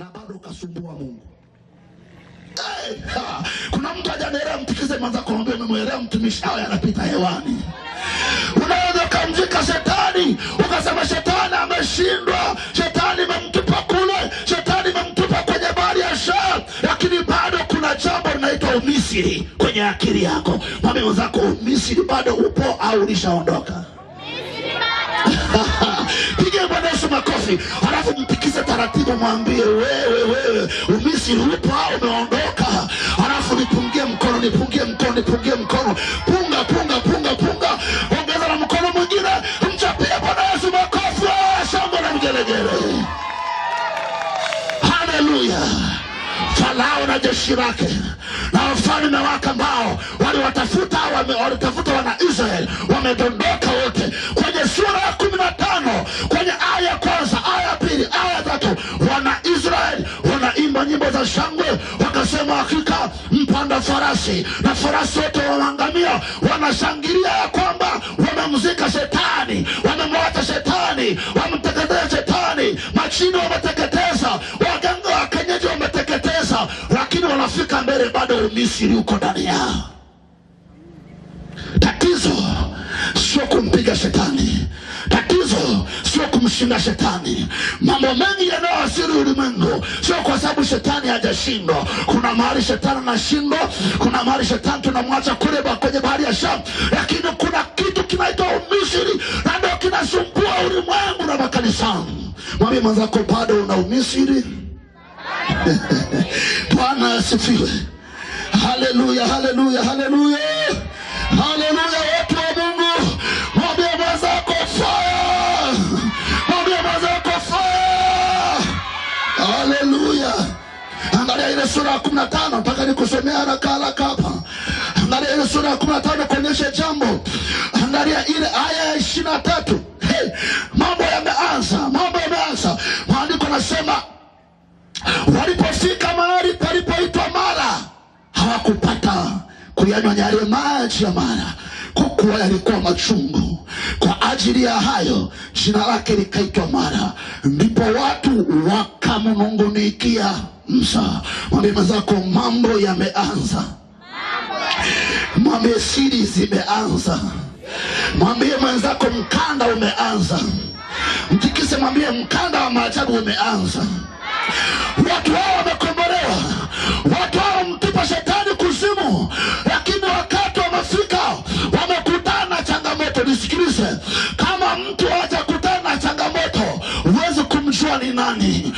na bado ukasumbua Mungu. Hey, kuna mtu hajanielewa, mtikize mwanza kuombea. Umemwelewa mtumishi? Haya, yanapita hewani. Unaweza ukamvika shetani ukasema shetani ameshindwa, shetani imemtupa kule, shetani imemtupa kwenye bahari ya Shamu, lakini bado kuna jambo linaitwa umisiri kwenye akili yako. Mwambie mwenzako, umisiri bado upo au ulishaondoka? Pige Bwana Yesu makofi, halafu Muulize taratibu, mwambie wewe, wewe Umisri upo umeondoka? alafu nipungie mkono, nipungie mkono, nipungie mkono, punga, punga, punga, punga, ongeza na mkono mwingine, mchapie Bwana Yesu makofi, shangwe la mgelegele. Haleluya! Farao na jeshi lake na wafalme wake ambao waliwatafuta walitafuta wana israel wamedondoka wote. Kwenye sura ya kumi na tano kwenye aya ya kwanza wana Israeli wanaimba nyimbo za shangwe, wakasema hakika mpanda farasi na farasi wote wameangamia. Wanashangilia ya kwamba wamemzika shetani, wamemwacha shetani, wamemteketeza shetani, machini wameteketeza, waganga wa wameteketeza, lakini wanafika mbele, bado misiri uko ndani yao. Tatizo sio kumpiga shetani sio kumshinda shetani. Mambo mengi yanayoasiri ulimwengu sio kwa sababu shetani hajashindwa. Kuna mahali shetani anashindwa, kuna mahali shetani tunamwacha kule kwenye bahari ya Shamu, lakini kuna kitu kinaitwa umisiri na ndio kinasumbua ulimwengu na makanisani. Mwambie mwenzako bado una umisiri. Bwana asifiwe. Haleluya, haleluya, haleluya, haleluya. ile sura ya kumi na tano nataka nikusomea haraka haraka hapa. Angalia ile sura ya kumi na tano kuonyesha jambo. Angalia ile aya ya ishirini na tatu hey, mambo yameanza, mambo yameanza. Maandiko nasema walipofika mahali palipoitwa Mara hawakupata kuyanywa yale maji ya Mara kukuwa yalikuwa machungu. Kwa ajili ya hayo jina lake likaitwa Mara. Ndipo watu wa kamunungunikia msa mwambie mwenzako mambo yameanza, mwambie siri zimeanza, mwambie mwenzako mkanda umeanza, mtikise, mwambie mkanda wa maajabu umeanza. Watu hao wamekombolewa, watu hao mtipa shetani kuzimu, lakini wakati wamefika, wamekutana na changamoto. Nisikilize, kama mtu hajakutana na changamoto, huwezi kumjua ni nani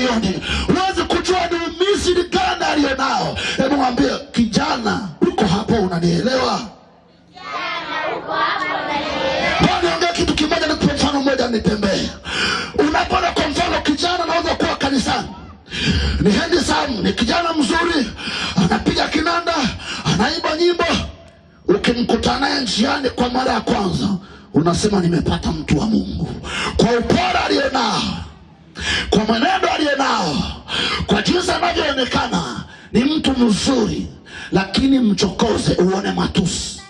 moyoni, huwezi kujua ni umisiri gani aliyo nao. Hebu mwambie kijana, uko hapo, unanielewa? Niongea kitu kimoja, nikupe mfano mmoja, nitembee. kwa mfano kijana anaweza kuwa kanisani ni handsome, ni kijana mzuri, anapiga kinanda, anaimba nyimbo. Ukimkuta naye njiani kwa mara ya kwanza, unasema nimepata mtu wa Mungu kwa upora alionao kwa mwenendo aliye nao, kwa jinsi anavyoonekana ni mtu mzuri, lakini mchokoze uone matusi,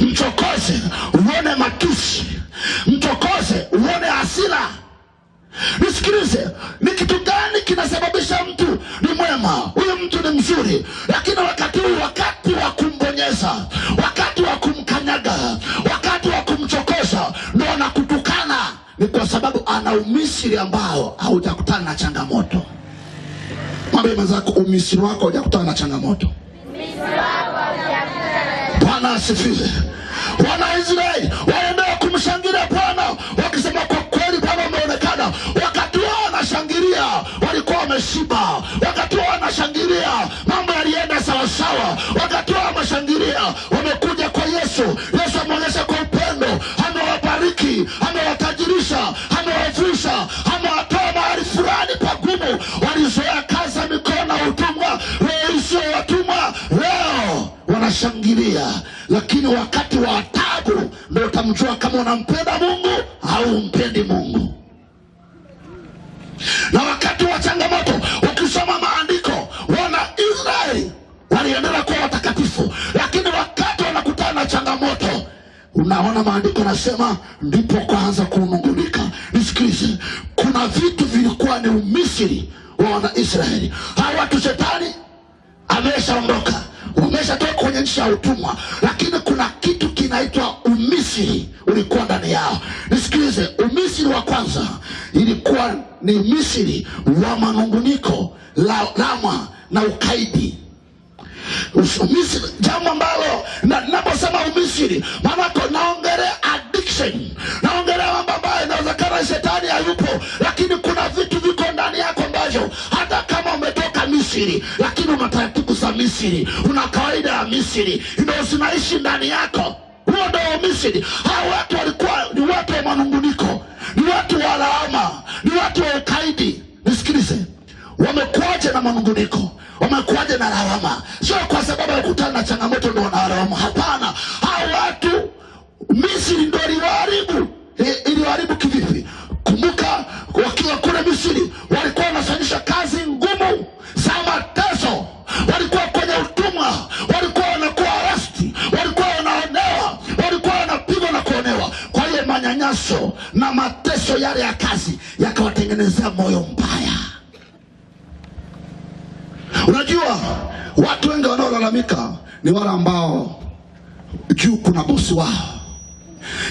mchokoze uone matusi, mchokoze uone hasira. Nisikilize, ni kitu gani kinasababisha mtu ni mwema, huyu mtu ni mzuri, lakini wakati huu, wakati wa kumbonyeza, wakati wa kumka ni kwa sababu ana umisiri ambao haujakutana na changamoto. Mwambie mwenzako umisiri wako haujakutana na changamoto. Bwana asifiwe. Wana Israeli waendea kumshangilia Bwana wakisema, kwa kweli Bwana umeonekana. Wakati wao wanashangilia walikuwa wameshiba, wakati wao wanashangilia mambo yalienda sawasawa, wakati wao wanashangilia wamekuja kwa Yesu. Yesu ameonyesha kwa amewabariki amewatajirisha anawavusha, amewatoa mahali fulani pagumu. Walizoea kaza mikono utumwa, leo watumwa, leo wanashangilia. Lakini wakati wa tabu ndo utamjua kama unampenda Mungu au umpendi Mungu. Na wakati wa changamoto ukisoma Naona maandiko anasema ndipo kaanza kunungunika. Nisikize, kuna vitu vilikuwa ni umisiri wa Wanaisraeli. Hawa watu shetani ameshaondoka, umeshatoka kwenye nchi ya utumwa, lakini kuna kitu kinaitwa umisiri ulikuwa ndani yao. Nisikilize, umisiri wa kwanza ilikuwa ni misiri wa manunguniko, lama na ukaidi Misri, jambo ambalo naposema umisiri maanako naongelea addiction, naongelea mambo ambayo inawezekana shetani hayupo, lakini kuna vitu viko ndani yako ambavyo hata kama umetoka misiri lakini una taratibu za misiri una kawaida ya misiri ndio zinaishi ndani yako. Huo ndio Misri. Hawa watu walikuwa ni watu wa manunguniko, ni watu wa laama, ni watu wa ukaidi. Nisikilize, wamekuwaje na manunguniko umekuwaje na lawama? Sio kwa sababu ukutana na changamoto ndio wanalawama, hapana. Hao watu Misri ndio E, Iliharibu kivipi? Kumbuka wakiwa kule Misri walikuwa wanafanyisha kazi ngumu za mateso, walikuwa kwenye utumwa, walikuwa wanakuwa rasti walikuwa wanaonewa, walikuwa wanapigwa na kuonewa. Kwa hiyo manyanyaso na mateso yale ya kazi yakawatengenezea moyo mbaya. Unajua watu wengi wanaolalamika ni wale ambao juu kuna bosi wao.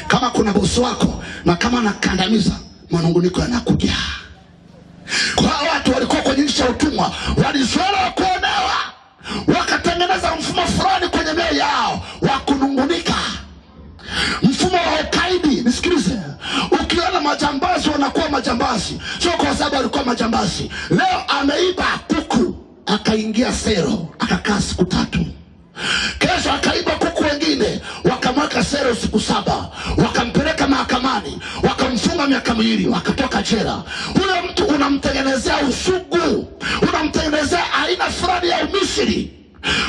Kama kuna bosi wako na kama anakandamiza, manunguniko yanakuja. Kwa watu walikuwa kwenye nchi ya utumwa, walizoea kuonewa, wakatengeneza mfumo fulani kwenye mioyo yao wa kunungunika, mfumo wa ukaidi. Nisikilize, ukiona majambazi wanakuwa majambazi, sio kwa sababu alikuwa majambazi. Leo ameiba kuku akaingia sero akakaa siku tatu. Kesho akaiba kuku wengine, wakamweka sero siku saba, wakampeleka mahakamani, wakamfunga miaka miwili, wakatoka jela. Huyo mtu unamtengenezea usugu, unamtengenezea aina fulani ya umisiri.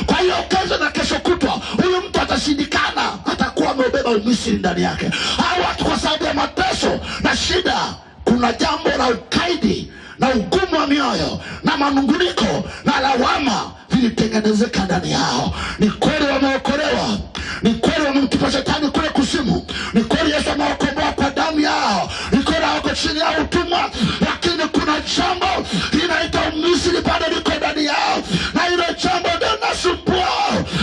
Kwa hiyo kesho na kesho kutwa huyu mtu atashindikana, atakuwa ameubeba umisiri ndani yake. Hawa watu kwa sababu ya mateso na shida, kuna jambo la ukaidi na ugumu wa mioyo na manunguniko na lawama vilitengenezeka ndani yao. Ni kweli wameokolewa, ni kweli wamemtupa shetani kule kusimu, ni kweli Yesu amewakomboa kwa damu yao, ni kweli hawako chini ya utumwa, lakini kuna jambo linaita umisiri bado liko ndani yao, na ilo jambo ndo nasumbua,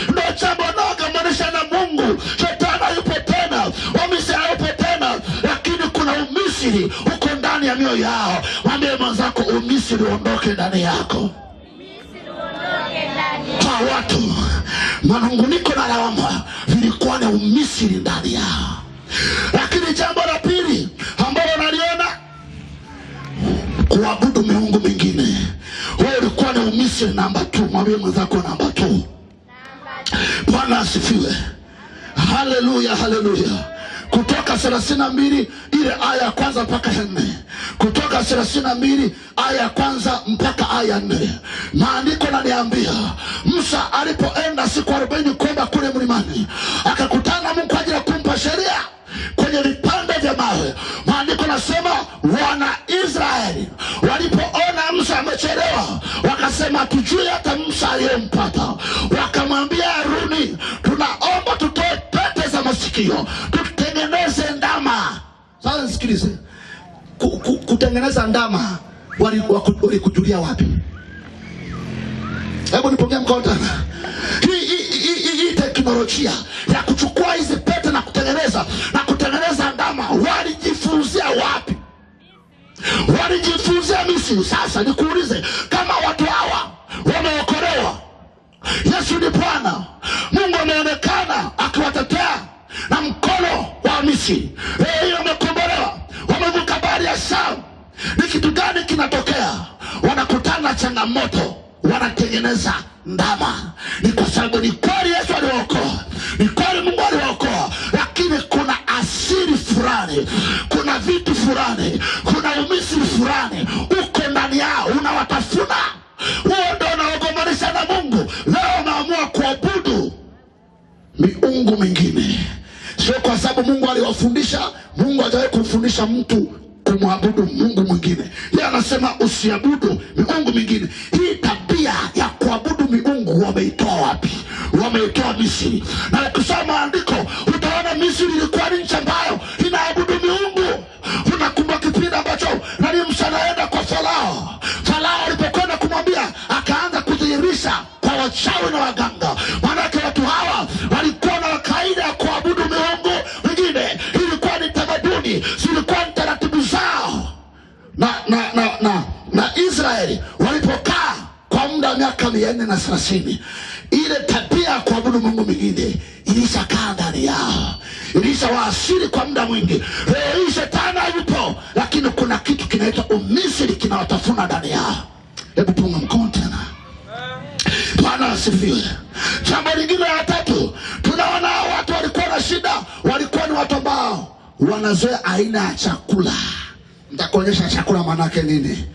ndo jambo naogamanisha na Mungu. Shetani hayupo tena, wamisiri hayupo tena, lakini kuna umisiri huko ndani ya mioyo yao. Mwambie mwenzako, umisiri uondoke ndani yako. Kwa watu manunguniko na lawama vilikuwa na umisiri ndani yao. Lakini jambo la pili ambalo naliona, kuabudu miungu mingine. Wewe ulikuwa na umisiri namba tu. Mwambie mwenzako namba tu. Bwana asifiwe. Haleluya, haleluya. Kutoka mbili ile aya ya kwanza mpaka ya nne. Kutoka mbili aya ya kwanza mpaka aya ya nne. Maandiko naniambia Musa alipoenda siku arobaini kwenda kule mlimani, akakutana Mungu kwa ajili ya kumpa sheria kwenye vipande vya mawe. Maandiko nasema wana Israeli walipoona Musa amechelewa, wakasema tujui hata Musa aliyempata. Wakamwambia aruni tunaomba tutoe tutengeneze masikio, tutengeneze ndama. Sasa sikilize, kutengeneza ndama walikujulia wapi? Hebu nipokea mkono Hii teknolojia ya kuchukua hizi pete na kutengeneza na kutengeneza ndama walijifunzia wapi? Walijifunzia misi Sasa nikuulize, kama watu hawa wameokolewa, Yesu ni Bwana, Mungu ameonekana kutoka Misri. Hiyo ee, wamekombolewa, wamevuka bahari ya Shamu. Ni kitu gani kinatokea? Wanakutana na changamoto, wanatengeneza ndama. Ni kwa sababu ni kweli Yesu aliwaokoa, ni kweli Mungu aliwaokoa, lakini kuna asiri fulani, kuna vitu fulani, kuna umisiri fulani uko ndani yao, unawatafuna. Huo ndo unaogomanisha na Mungu. Leo unaamua kuabudu miungu mingine. Sio kwa sababu Mungu aliwafundisha. Mungu hajawahi kumfundisha mtu kumwabudu Mungu mwingine. Yeye anasema usiabudu miungu mingine. Hii tabia ya kuabudu miungu wameitoa wapi? Wameitoa Misri. Na ukisoma maandiko utaona Misri ilikuwa ni nchi ambayo inaabudu miungu. Unakumbuka kipindi ambacho nani msanaenda kwa Farao. Farao alipokwenda kumwambia, akaanza kudhihirisha kwa wachawi na waganga. Israeli walipokaa kwa muda wa miaka mia nne na thelathini ile tabia ya kuabudu mungu mingine ilishakaa ndani yao, ilishawaasiri kwa muda mwingi. Leo hii shetani yupo, lakini kuna kitu kinaitwa umisiri kinawatafuna ndani yao. Hebu punga mkono tena. Bwana asifiwe. Jambo lingine la tatu, tunaona watu walikuwa na shida, walikuwa ni watu ambao wanazoea aina ya chakula. Nitakuonyesha chakula maanake nini.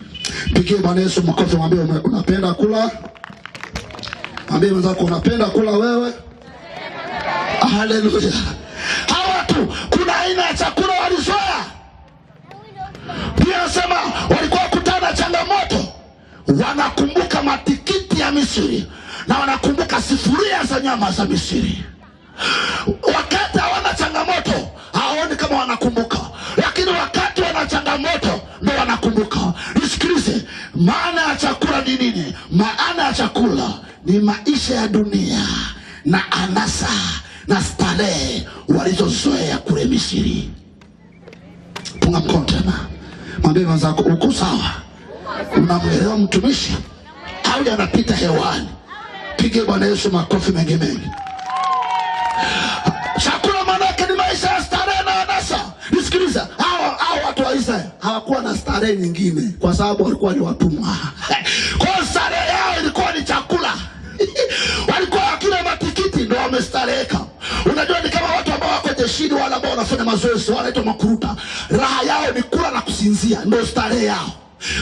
Pigie Bwana Yesu makofi, mwambie unapenda kula. Mwambie mwenzako unapenda kula wewe. Haleluya. Hawa watu kuna aina ya chakula walizoea. Pia sema walikuwa kutana changamoto, wanakumbuka matikiti ya Misri na wanakumbuka sifuria za nyama za Misri. Wakati hawana changamoto hawaoni kama wanakumbuka, lakini wakati wana changamoto ndo wanakumbuka. Maana ya chakula ni nini? Maana ya chakula ni maisha ya dunia na anasa na starehe walizozoea kule Misri. Punga mkono tena, mwambie mwenzako uko sawa, unamwelewa mtumishi au anapita hewani? Pige Bwana Yesu makofi mengi mengi. starehe nyingine, kwa sababu walikuwa ni watumwa. Kwa hiyo starehe yao ilikuwa ni chakula walikuwa wakila matikiti ndo wamestareheka. Unajua, ni kama watu ambao wako jeshini, wale ambao wanafanya mazoezi wanaitwa makuruta. Raha yao ni kula na kusinzia, ndo starehe yao.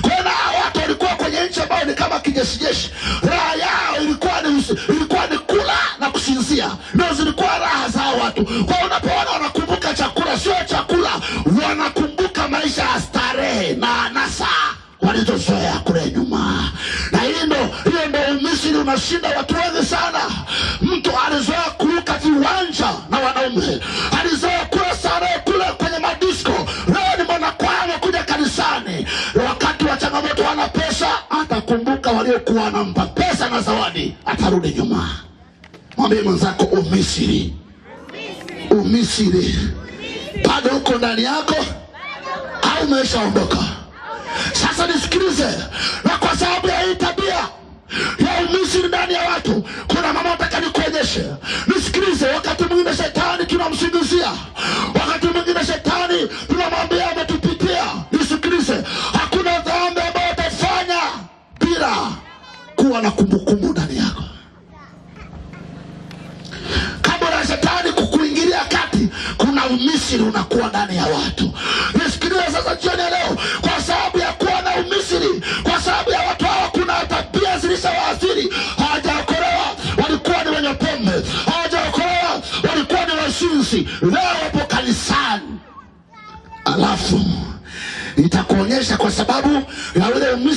Kwa hiyo na watu walikuwa kwenye nchi ambayo ni kama kijeshijeshi, raha yao ilikuwa ni, ilikuwa ni kula na kusinzia, ndo zilikuwa raha za watu kwa wanashinda watu wengi sana. Mtu alizoea kuruka viwanja na wanaume, alizoea kula starehe kule kwenye madisko, leo ni mwanakwaya kuja kanisani. Wakati wa changamoto wana pesa, atakumbuka waliokuwa anampa pesa na zawadi, atarudi nyuma. Mwambie mwenzako umisiri, umisiri bado huko ndani yako au umeshaondoka? Sasa nisikilize, na kwa sababu ya hii tabia ya ndani ya watu kuna mama nataka nikuonyeshe. Nisikilize, wakati mwingine shetani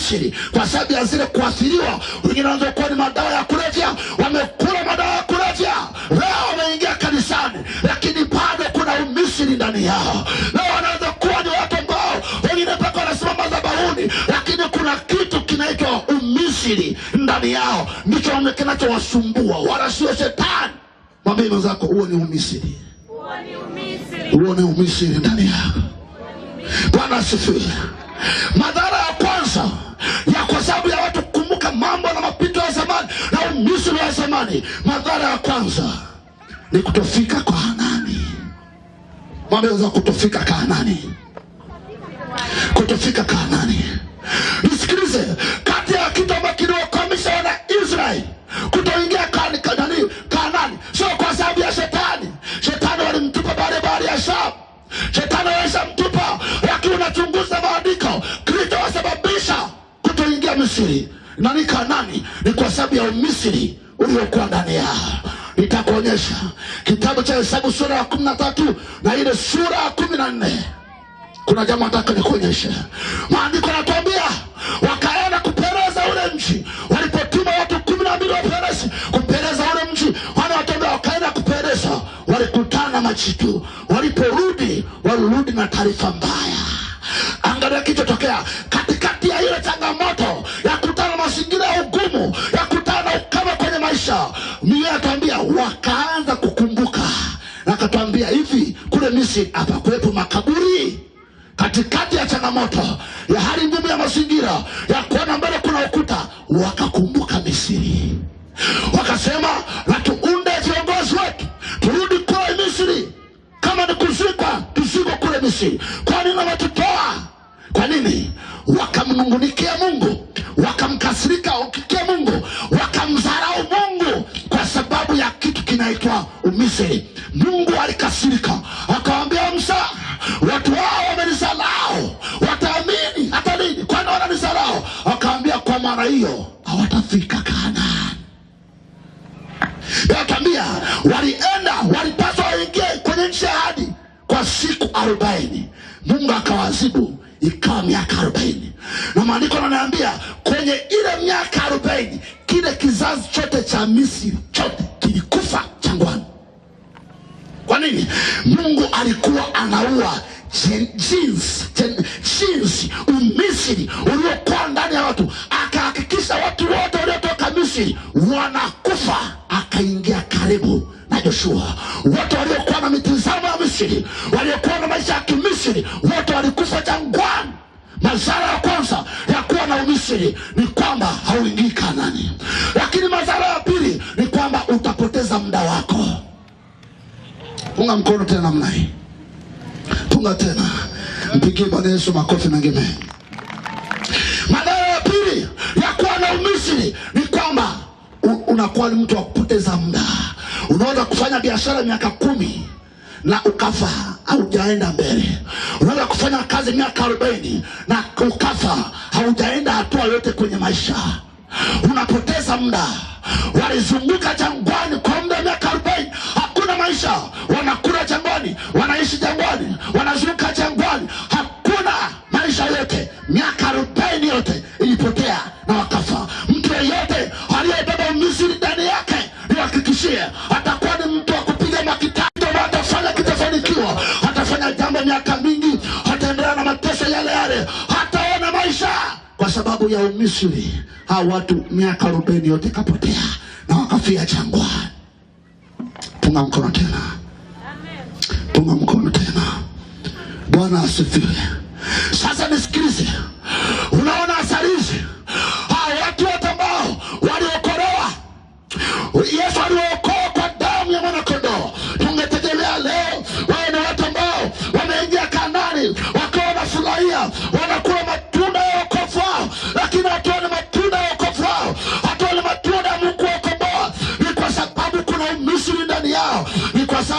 asili, kwa sababu ya zile kuathiriwa. Wengine wanaweza kuwa ni madawa ya kulevya, wamekula madawa ya kulevya, leo wameingia kanisani, lakini bado kuna umisiri ndani yao. Leo wanaweza kuwa ni watu ambao wengine mpaka wanasimama zabahuni, lakini kuna kitu kinaitwa umisiri ndani yao, ndicho kinachowasumbua, wala sio shetani. Mwambie mwenzako, huo ni umisiri huo ni umisiri ndani yako. Bwana asifiwe. Madhara ya kwanza mwandishi ya zamani, madhara ya kwanza ni kutofika kwa Hanani. Mwambeza kutofika Kaanani, kutofika kanani Nisikilize, kati ya kitu ambacho kinawakwamisha wana Israeli kutoingia Kaanani, kanani sio kwa sababu ya shetani. Shetani walimtupa baada bahari ya Shamu, shetani waisha mtupa, lakini unachunguza maandiko kilichowasababisha kutoingia Misri na ni Kanani ni kwa sababu ya umisiri uliokuwa ndani yao. Nitakuonyesha kitabu cha Hesabu sura ya kumi na tatu na ile sura ya kumi na nne kuna jambo nataka nikuonyeshe. Maandiko anatuambia wakaenda kupereza ule mji, walipotuma watu kumi na mbili waperesi kupereza ule mji, wana watuambia wakaenda kupereza, walikutana na majitu. Waliporudi walirudi na taarifa mbaya. Angalia kichotokea kisha Mimi akaambia wakaanza kukumbuka, na akatuambia hivi, kule Misri hapa makaburi katikati ya changamoto ya hali ngumu ya mazingira ya kuona mbele kuna ukuta, wakakumbuka Misri, wakasema na tuunde viongozi wetu, turudi kule Misri. Kama ni kuzikwa, tuzikwe kule Misri. Kwa nini wametutoa? Kwa nini? Wakamnungunikia Mungu, wakamkasirika ukikia Mungu, inaitwa Umisri. Mungu alikasirika, akawambia Musa, watu wao wamenisalao, wataamini hata nini? Kwani wananisalao? Akawambia kwa mara hiyo hawatafika Kanaani. Akaambia walienda, walipaswa waingie kwenye nchi ya ahadi kwa siku arobaini. Mungu akawazibu ikawa miaka arobaini na maandiko ananiambia kwenye ile miaka arobaini kile kizazi chote cha Misri chote kilikufa jangwani. Kwa nini? Mungu alikuwa anaua jinsi umisiri uliokuwa ndani ya watu, akahakikisha watu wote waliotoka Misiri wanakufa. Akaingia karibu na Joshua, watu waliokuwa na mitizamo ya Misiri, waliokuwa na maisha ya kimisiri, wote walikufa jangwani. Madhara ya kwanza ya kuwa na umisiri ni kwamba hauingii Kanani, lakini madhara ya pili ni utapoteza muda wako. Punga mkono tena namna hii, punga tena, mpigie Bwana Yesu makofi na ngeme. Madhara ya pili ya kuwa na umisiri ni kwamba unakuwa ni mtu wa kupoteza muda. Unaweza kufanya biashara miaka kumi na ukafa haujaenda mbele. Unaweza kufanya kazi miaka arobaini na ukafa haujaenda hatua yote kwenye maisha, unapoteza muda walizunguka jangwani kwa muda miaka arobaini hakuna maisha wanakula jangwani wanaishi jangwani wanazunguka jangwani hakuna maisha yote miaka arobaini yote ilipotea na wakafa mtu yeyote aliyebeba misiri ndani yake nihakikishie atakuwa ni mtu wa kupiga makitao atafanya kitafanikiwa atafanya jambo miaka mingi ataendelea na mateso yale yale ya Umisri hawa watu miaka arobaini yote kapotea na wakafia jangwa. Punga mkono tena, punga mkono tena. Bwana asifiwe. Sasa nisikilize.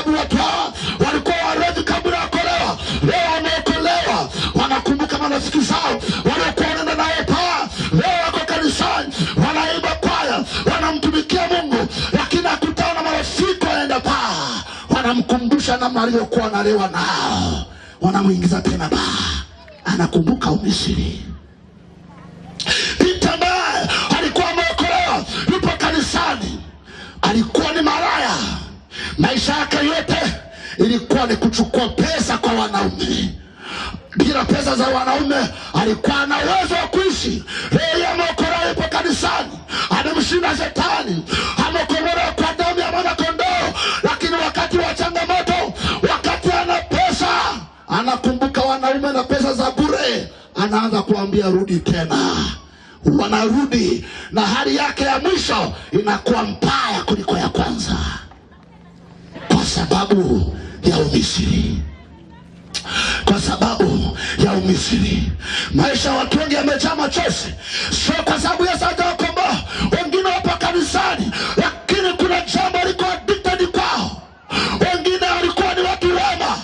waliokolewa walikuwa warevi kabla ya kuolewa, leo wameokolewa, wanakumbuka marafiki zao waliokuwa wanaenda naye paa, leo wako kanisani, wanaimba kwaya, wanamtumikia Mungu, lakini akutana na marafiki wanaenda paa, wanamkumbusha namna aliyokuwa analewa nao, wanamwingiza tena paa, anakumbuka Umisiri. Pita ambaye alikuwa ameokolewa, yupo kanisani, alikuwa ni mara maisha yake yote ilikuwa ni kuchukua pesa kwa wanaume bila pesa za wanaume alikuwa na uwezo wa kuishi. Elia Mwokola yupo kanisani, amemshinda shetani, amekomora kwa damu ya kondoo Lakini wakati wa changamoto, wakati ana pesa, anakumbuka wanaume na pesa za bure, anaanza kuambia rudi tena, wanarudi na hali yake ya mwisho inakuwa mbaya kuliko ya kwanza kwa sababu ya umisiri kwa sababu ya umisiri. Maisha watu wengi yamejaa machosi sio kwa sababu Yesu hajawakomboa. Wengine wapo kanisani, lakini kuna jambo liko addicted kwao. Wengine walikuwa ni watu roma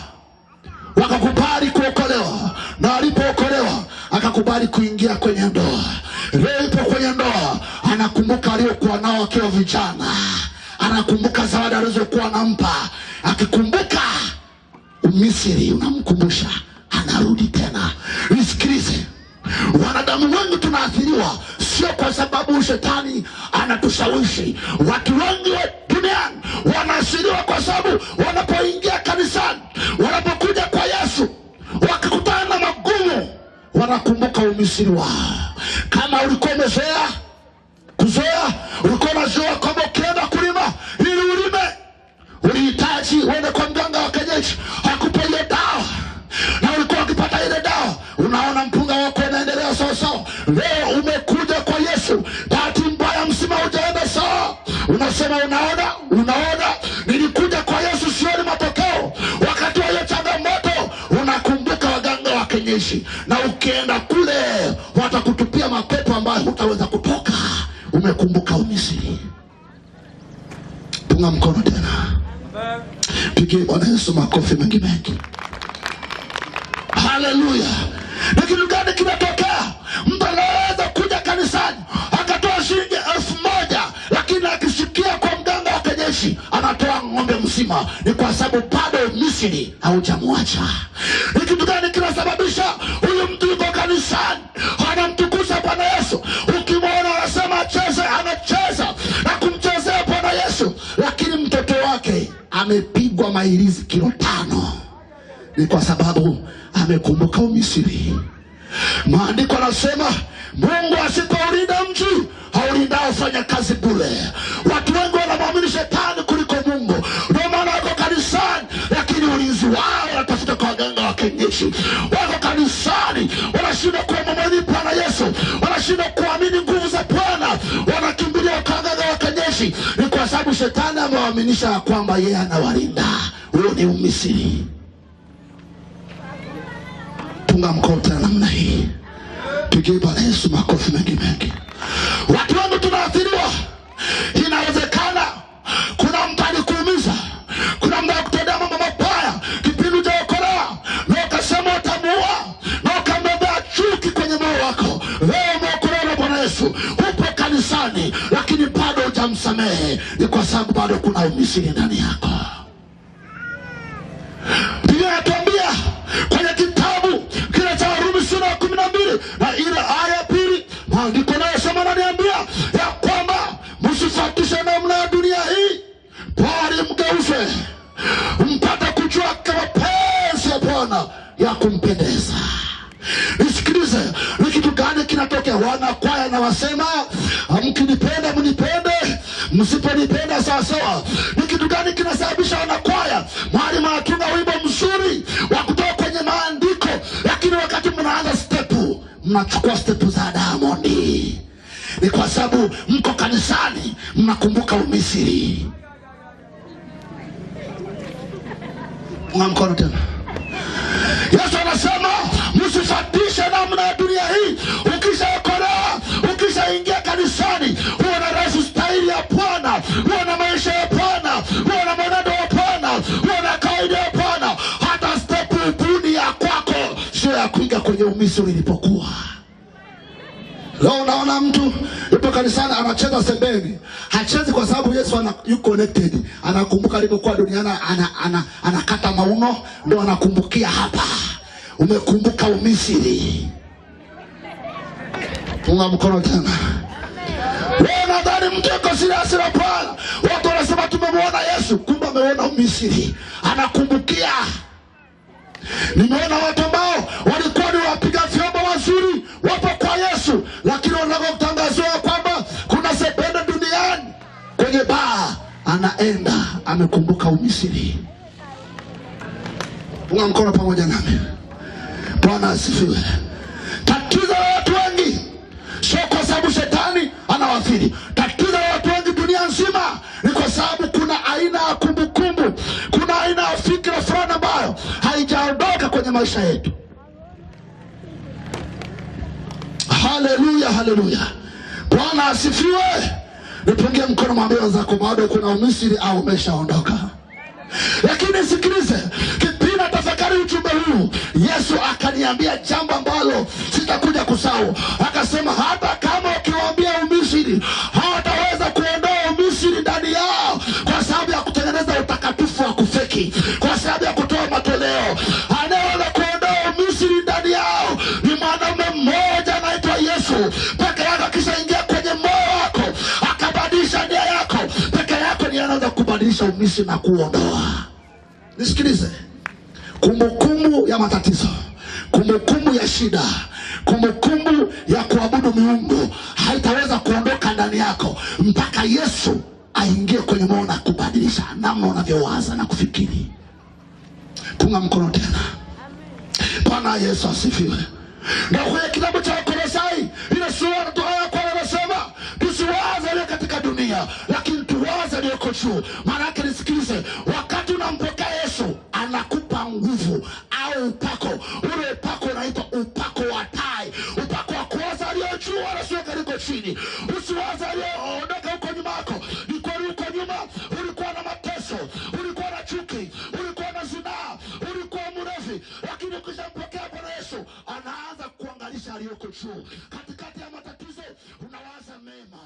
wakakubali kuokolewa, na walipookolewa akakubali kuingia kwenye ndoa. Leo ipo kwenye ndoa, anakumbuka aliokuwa nao akiwa vijana anakumbuka zawadi alizokuwa nampa Akikumbuka Umisri unamkumbusha, anarudi tena. Nisikilize, wanadamu wengi tunaathiriwa sio kwa sababu shetani anatushawishi. Watu wengi duniani wanaathiriwa kwa sababu wanapoingia kanisani, wanapokuja kwa Yesu wakikutana na magumu, wanakumbuka umisiri wao. Kama ulikuwa umezoea kuzoea, ulikuwa unazoea kwamba kijeshi uende kwa mganga wa kijeshi akupe ile dawa, na ulikuwa ukipata ile dawa, unaona mpunga wako unaendelea sawasawa. Leo umekuja kwa Yesu, bahati mbaya msima hujaenda sawa, unasema unaona, unaona, nilikuja kwa Yesu sioni matokeo. Wakati wa hiyo changamoto unakumbuka waganga wa kienyeji, na ukienda kule watakutupia mapepo ambayo hutaweza kutoka. Umekumbuka umisiri. Punga mkono tena. Amen. Pigie Bwana Yesu makofi mengi mengi. Haleluya! Lakini kitu gani kimetokea? Mtu anaweza kuja kanisani akatoa shilingi elfu moja lakini akisikia kwa mganga wa kejeshi anatoa ng'ombe mzima. Ni kwa sababu bado misiri haujamwacha. Ni kitu gani kinasababisha huyu mtu yuko kanisani amepigwa mailizi kilo tano ni kwa sababu amekumbuka Umisiri. Maandiko anasema Mungu asipoulinda mji haulinda ufanya kazi bure. Watu wengi wanamwamini shetani kuliko Mungu, ndio maana wako kanisani, lakini ulinzi wao wanatafuta kwa waganga wa kienyeji. Wako kanisani wanashindwa kuwa mwamini Bwana Yesu, wanashindwa kuamini nguvu za Bwana, wanakimbilia kwa waganga wa wazi, ni kwa sababu shetani amewaaminisha ya kwamba yeye anawalinda. Huyo ni Umisiri. Tunga mkono tena namna hii, tugie Bwana Yesu makofi mengi mengi. usamehe, ni kwa sababu bado kuna umisiri ndani yako. msiponipenda sawasawa. Ni kitu gani kinasababisha wanakwaya mwalimu anatunga wimbo mzuri wa kutoka kwenye maandiko, lakini wakati mnaanza stepu mnachukua stepu za Diamondi? Ni kwa sababu mko kanisani mnakumbuka Umisiri. Punga mkono tena. Yesu anasema msifatishe namna ya dunia hii uwe na maisha ya Bwana, uwe na mwenendo wa Bwana, uwe na kaida ya Bwana. Hata stepu duni ya kwako sio ya kuiga kwenye Umisri ilipokuwa. Leo unaona mtu yupo kanisani anacheza sembeni, hachezi kwa sababu Yesu ana, connected, anakumbuka alipokuwa duniani, anakata ana, ana, ana mauno, ndo anakumbukia hapa. Umekumbuka Umisri. Punga mkono tena ni mteka zile hasira pale. Watu wanasema tumemwona Yesu, kumbe ameona Misri, anakumbukia. Nimeona watu ambao walikuwa ni wapiga vyombo wazuri, wapo kwa Yesu, lakini wanakotangazwa kwamba kuna sebene duniani kwenye baa, anaenda amekumbuka Umisri. Punga mkono pamoja nami. Bwana asifiwe. Tatizo la watu wengi sio kwa sababu shetani anawafiri lazima ni kwa sababu kuna aina ya kumbukumbu, kuna aina ya fikra fulani ambayo haijaondoka kwenye maisha yetu. Haleluya, haleluya, Bwana asifiwe. Nipungie mkono, mwambie zako bado kuna umisiri au umeshaondoka. Lakini sikilize, kipina tafakari ujumbe huu, Yesu akaniambia jambo ambalo sitakuja kusahau. Akasema hata kama ukiwaambia umisiri yao. Anayeweza kuondoa Misri ndani yao ni mwanaume mmoja anaitwa Yesu peke yake. Akishaingia kwenye moyo wako akabadilisha nia yako peke yake, ni anaweza kubadilisha Umisri na kuondoa. Nisikilize, kumbukumbu ya matatizo, kumbukumbu ya shida, kumbukumbu ya kuabudu miungu haitaweza kuondoka ndani yako mpaka Yesu aingie kwenye moyo na kubadilisha namna unavyowaza na kufikiri punga mkono tena. Bwana Yesu asifiwe. Na kwenye kitabu cha Wakolosai ile sura ya kwanza anasema tusiwaze ile katika dunia, lakini tuwaze kwa juu. Maana yake nisikilize, wakati unampokea Yesu anakupa nguvu au upako. Ule upako unaitwa upako wa tai, upako wa kuwaza yaliyo juu, wala sio yaliyo chini. aliyoko juu. Katikati ya matatizo unawaza mema,